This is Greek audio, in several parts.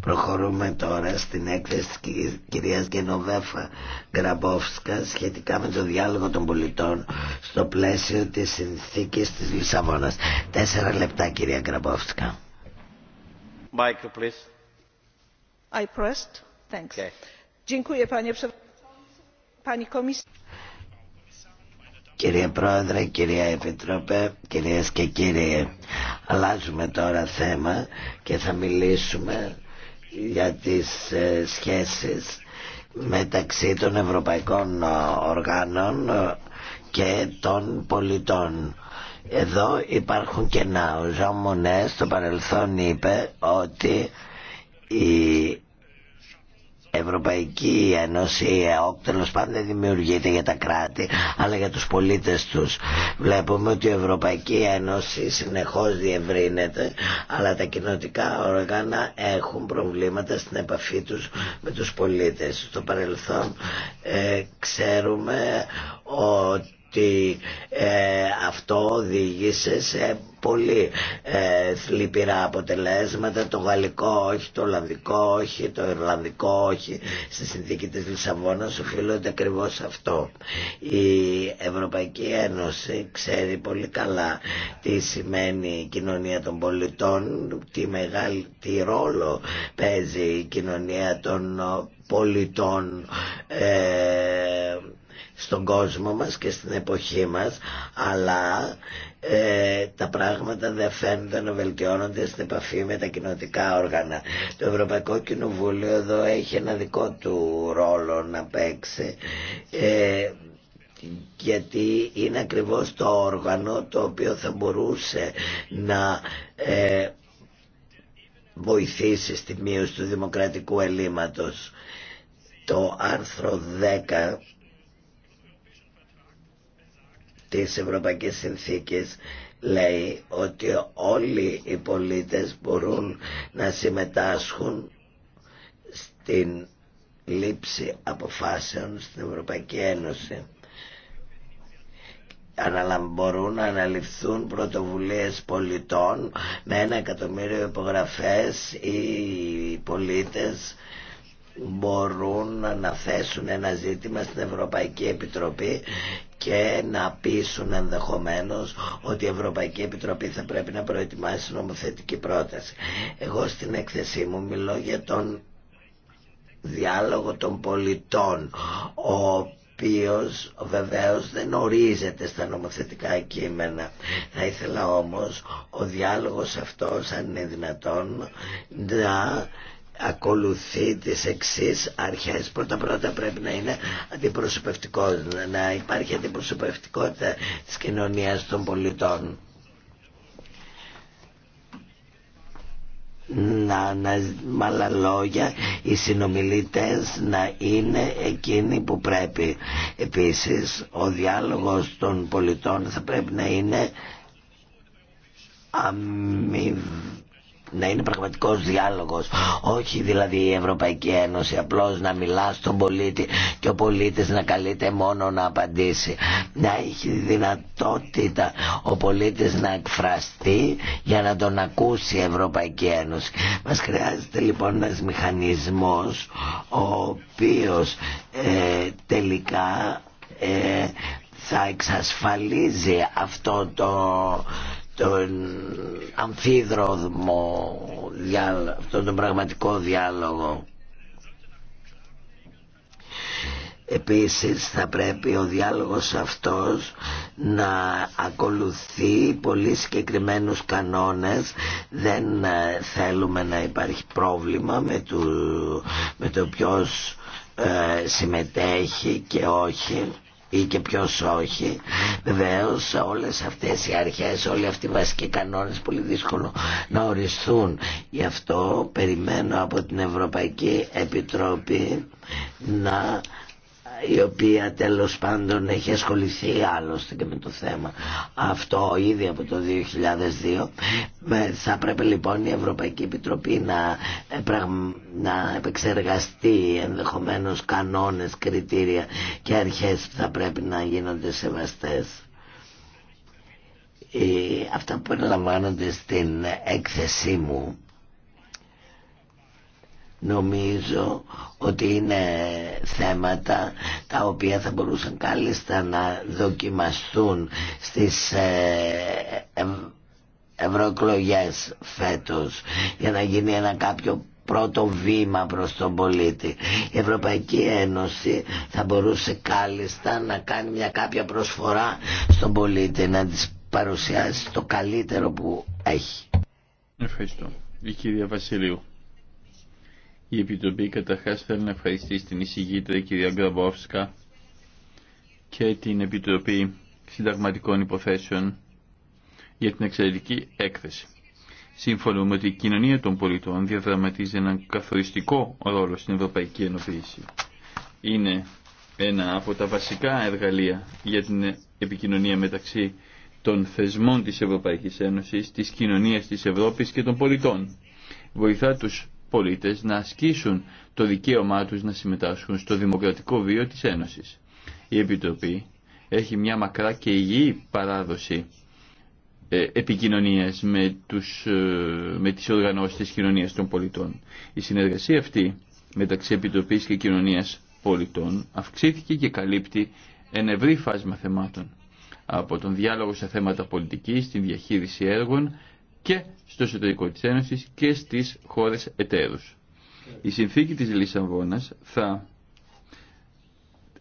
Προχωρούμε τώρα στην έκθεση της κυρίας Γενοβέφα Γκραμπόφσκα σχετικά με το διάλογο των πολιτών στο πλαίσιο της συνθήκης της Λισαβόνας. Τέσσερα λεπτά κυρία Γκραμπόφσκα. Μάικρο, please. I pressed. Thanks. Okay. Κυρία Πρόεδρε, κυρία Επιτροπέ, κυρίες και κύριοι, αλλάζουμε τώρα θέμα και θα μιλήσουμε για τις ε, σχέσεις μεταξύ των ευρωπαϊκών ε, οργάνων ε, και των πολιτών. Εδώ υπάρχουν κενά. Ο Ζαν στο παρελθόν είπε ότι η Ευρωπαϊκή Ένωση, ΕΟΚ, τέλο πάντων δεν δημιουργείται για τα κράτη, αλλά για τους πολίτες τους. Βλέπουμε ότι η Ευρωπαϊκή Ένωση συνεχώς διευρύνεται, αλλά τα κοινοτικά όργανα έχουν προβλήματα στην επαφή τους με τους πολίτες. Στο παρελθόν ε, ξέρουμε ότι ε, αυτό οδήγησε σε πολύ ε, θλιπηρά αποτελέσματα το γαλλικό όχι, το ολλανδικό όχι το ιρλανδικό όχι στη συνθήκη της Λισαβόνας οφείλονται ακριβώ αυτό η Ευρωπαϊκή Ένωση ξέρει πολύ καλά τι σημαίνει η κοινωνία των πολιτών τι, μεγάλη, τι ρόλο παίζει η κοινωνία των πολιτών ε, στον κόσμο μας και στην εποχή μας αλλά ε, τα πράγματα δεν φαίνονται να βελτιώνονται στην επαφή με τα κοινωτικά όργανα. Το Ευρωπαϊκό Κοινοβούλιο εδώ έχει ένα δικό του ρόλο να παίξει ε, γιατί είναι ακριβώς το όργανο το οποίο θα μπορούσε να ε, βοηθήσει στη μείωση του δημοκρατικού ελλείμματος. Το άρθρο 10 τις ευρωπαϊκές συνθήκες λέει ότι όλοι οι πολίτες μπορούν να συμμετάσχουν στην λήψη αποφάσεων στην Ευρωπαϊκή Ένωση μπορούν να αναλυφθούν πρωτοβουλίες πολιτών με ένα εκατομμύριο υπογραφές οι πολίτες μπορούν να θέσουν ένα ζήτημα στην Ευρωπαϊκή Επιτροπή και να πείσουν ενδεχομένως ότι η Ευρωπαϊκή Επιτροπή θα πρέπει να προετοιμάσει νομοθετική πρόταση. Εγώ στην έκθεσή μου μιλώ για τον διάλογο των πολιτών, ο οποίος βεβαίως δεν ορίζεται στα νομοθετικά κείμενα. Θα ήθελα όμως ο διάλογος αυτός, αν είναι δυνατόν, να ακολουθεί τις εξής αρχές πρώτα πρώτα πρέπει να είναι αντιπροσωπευτικό να υπάρχει αντιπροσωπευτικότητα της κοινωνίας των πολιτών να, να με άλλα λόγια οι συνομιλητές να είναι εκείνοι που πρέπει επίσης ο διάλογος των πολιτών θα πρέπει να είναι αμοιβή να είναι πραγματικός διάλογος όχι δηλαδή η Ευρωπαϊκή Ένωση απλώς να μιλά στον πολίτη και ο πολίτης να καλείται μόνο να απαντήσει να έχει δυνατότητα ο πολίτης να εκφραστεί για να τον ακούσει η Ευρωπαϊκή Ένωση μας χρειάζεται λοιπόν ένας μηχανισμός ο οποίος ε, τελικά ε, θα εξασφαλίζει αυτό το τον αμφίδρομο αυτόν τον πραγματικό διάλογο Επίσης θα πρέπει ο διάλογος αυτός να ακολουθεί πολύ συγκεκριμένους κανόνες. Δεν ε, θέλουμε να υπάρχει πρόβλημα με το, με ποιος ε, συμμετέχει και όχι ή και ποιος όχι. Βεβαίως όλες αυτές οι αρχές, όλοι αυτοί οι βασικοί κανόνες πολύ δύσκολο να οριστούν. Γι' αυτό περιμένω από την Ευρωπαϊκή Επιτροπή να η οποία τέλος πάντων έχει ασχοληθεί άλλωστε και με το θέμα αυτό ήδη από το 2002 ε, θα πρέπει λοιπόν η Ευρωπαϊκή Επιτροπή να, ε, να επεξεργαστεί ενδεχομένως κανόνες, κριτήρια και αρχές που θα πρέπει να γίνονται σεβαστές ε, αυτά που περιλαμβάνονται στην έκθεσή μου Νομίζω ότι είναι θέματα τα οποία θα μπορούσαν κάλλιστα να δοκιμαστούν στις ε, ευρωεκλογές φέτος για να γίνει ένα κάποιο πρώτο βήμα προς τον πολίτη. Η Ευρωπαϊκή Ένωση θα μπορούσε κάλλιστα να κάνει μια κάποια προσφορά στον πολίτη, να της παρουσιάσει το καλύτερο που έχει. Ευχαριστώ. Η κυρία Βασιλείου. Η Επιτροπή καταρχάς θέλει να ευχαριστήσει την εισηγήτρια κυρία Γκραμπόφσκα και την Επιτροπή Συνταγματικών Υποθέσεων για την εξαιρετική έκθεση. Σύμφωνο ότι η κοινωνία των πολιτών διαδραματίζει έναν καθοριστικό ρόλο στην ευρωπαϊκή ενοποίηση. Είναι ένα από τα βασικά εργαλεία για την επικοινωνία μεταξύ των θεσμών της Ευρωπαϊκής Ένωσης, της κοινωνίας της Ευρώπης και των πολιτών. Βοηθά τους πολίτες να ασκήσουν το δικαίωμά τους να συμμετάσχουν στο δημοκρατικό βίο της Ένωσης. Η Επιτροπή έχει μια μακρά και υγιή παράδοση ε, επικοινωνίας με, τους, ε, με τις οργανώσεις της των πολιτών. Η συνεργασία αυτή μεταξύ Επιτροπής και Κοινωνίας Πολιτών αυξήθηκε και καλύπτει ένα ευρύ φάσμα θεμάτων από τον διάλογο σε θέματα πολιτικής, την διαχείριση έργων, και στο εσωτερικό της Ένωσης και στις χώρες εταίρους. Η συνθήκη της Λισαβόνας θα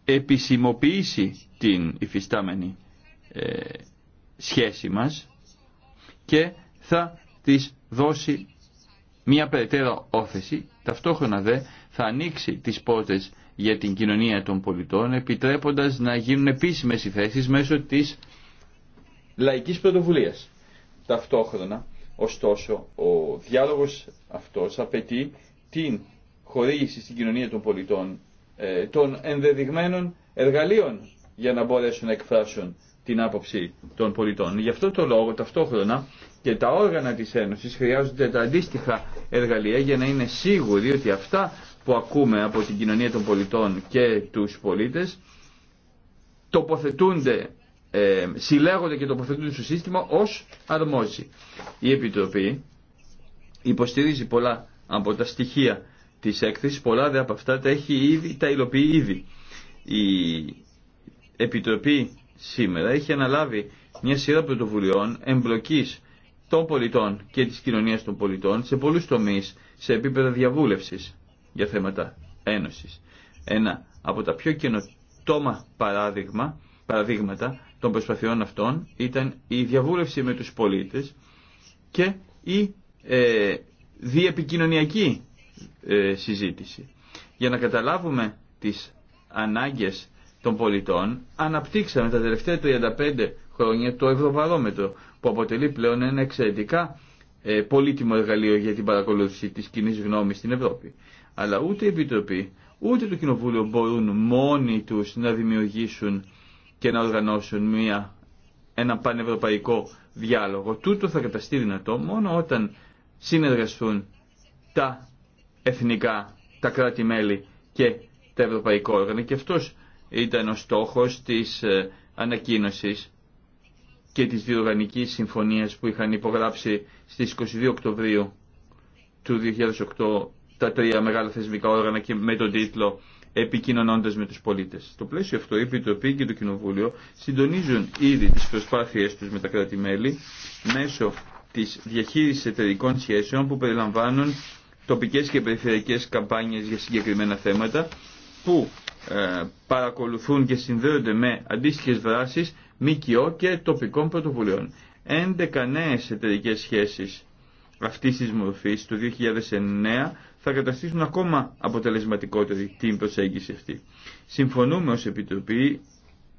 επισημοποιήσει την υφιστάμενη ε, σχέση μας και θα της δώσει μια περαιτέρω όθεση, ταυτόχρονα δε θα ανοίξει τις πόρτες για την κοινωνία των πολιτών, επιτρέποντας να γίνουν επίσημες οι θέσεις μέσω της λαϊκής πρωτοβουλίας. Ταυτόχρονα Ωστόσο, ο διάλογος αυτός απαιτεί την χορήγηση στην κοινωνία των πολιτών ε, των ενδεδειγμένων εργαλείων για να μπορέσουν να εκφράσουν την άποψη των πολιτών. Γι' αυτό το λόγο ταυτόχρονα και τα όργανα της Ένωσης χρειάζονται τα αντίστοιχα εργαλεία για να είναι σίγουροι ότι αυτά που ακούμε από την κοινωνία των πολιτών και τους πολίτες τοποθετούνται ε, συλλέγονται και τοποθετούν στο σύστημα ως αρμόζει. Η Επιτροπή υποστηρίζει πολλά από τα στοιχεία της έκθεσης, πολλά δε από αυτά τα, έχει ήδη, τα υλοποιεί ήδη. Η Επιτροπή σήμερα έχει αναλάβει μια σειρά πρωτοβουλειών εμπλοκής των πολιτών και της κοινωνίας των πολιτών σε πολλούς τομείς σε επίπεδα διαβούλευσης για θέματα ένωσης. Ένα από τα πιο καινοτόμα παράδειγμα, παραδείγματα των προσπαθειών αυτών ήταν η διαβούλευση με τους πολίτες και η ε, διεπικοινωνιακή ε, συζήτηση. Για να καταλάβουμε τις ανάγκες των πολιτών, αναπτύξαμε τα τελευταία 35 χρόνια το Ευρωβαρόμετρο, που αποτελεί πλέον ένα εξαιρετικά ε, πολύτιμο εργαλείο για την παρακολούθηση της κοινή γνώμης στην Ευρώπη. Αλλά ούτε η Επιτροπή, ούτε το Κοινοβούλιο μπορούν μόνοι τους να δημιουργήσουν και να οργανώσουν μια, ένα πανευρωπαϊκό διάλογο. Τούτο θα καταστεί δυνατό μόνο όταν συνεργαστούν τα εθνικά, τα κράτη-μέλη και τα ευρωπαϊκά όργανα και αυτός ήταν ο στόχος της ε, ανακοίνωσης και της διοργανικής συμφωνίας που είχαν υπογράψει στις 22 Οκτωβρίου του 2008 τα τρία μεγάλα θεσμικά όργανα και με τον τίτλο επικοινωνώντας με τους πολίτες. Στο πλαίσιο αυτό η Επιτροπή και το Κοινοβούλιο συντονίζουν ήδη τι προσπάθειε του με τα κράτη-μέλη μέσω τη διαχείριση εταιρικών σχέσεων που περιλαμβάνουν τοπικέ και περιφερειακέ καμπάνιες για συγκεκριμένα θέματα που ε, παρακολουθούν και συνδέονται με αντίστοιχε δράσει, ΜΚΟ και τοπικών πρωτοβουλειών. 11 νέε εταιρικέ σχέσει αυτή τη μορφή το 2009 θα καταστήσουν ακόμα αποτελεσματικότερη την προσέγγιση αυτή. Συμφωνούμε ως Επιτροπή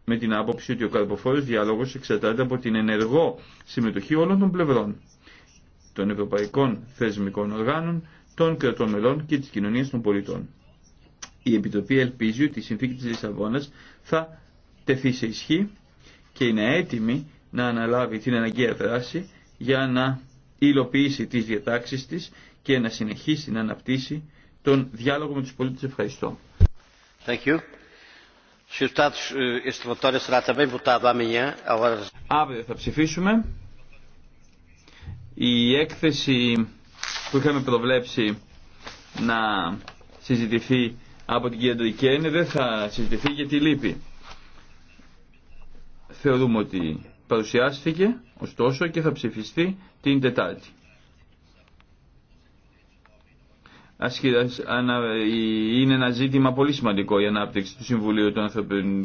με την άποψη ότι ο καρποφόρος διάλογος εξαρτάται από την ενεργό συμμετοχή όλων των πλευρών, των ευρωπαϊκών θεσμικών οργάνων, των κρατών μελών και της κοινωνίας των πολιτών. Η Επιτροπή ελπίζει ότι η συνθήκη της Λισαβόνας θα τεθεί σε ισχύ και είναι έτοιμη να αναλάβει την αναγκαία δράση για να υλοποιήσει τις διατάξεις της και να συνεχίσει να αναπτύσσει τον διάλογο με τους πολίτες. Ευχαριστώ. Thank you. Eh, eh? Αύριο θα ψηφίσουμε. Η έκθεση που είχαμε προβλέψει να συζητηθεί από την κυρία Ντοϊκένε δεν θα συζητηθεί γιατί λείπει. Θεωρούμε ότι παρουσιάστηκε ωστόσο και θα ψηφιστεί την Τετάρτη. Είναι ένα ζήτημα πολύ σημαντικό η ανάπτυξη του Συμβουλίου των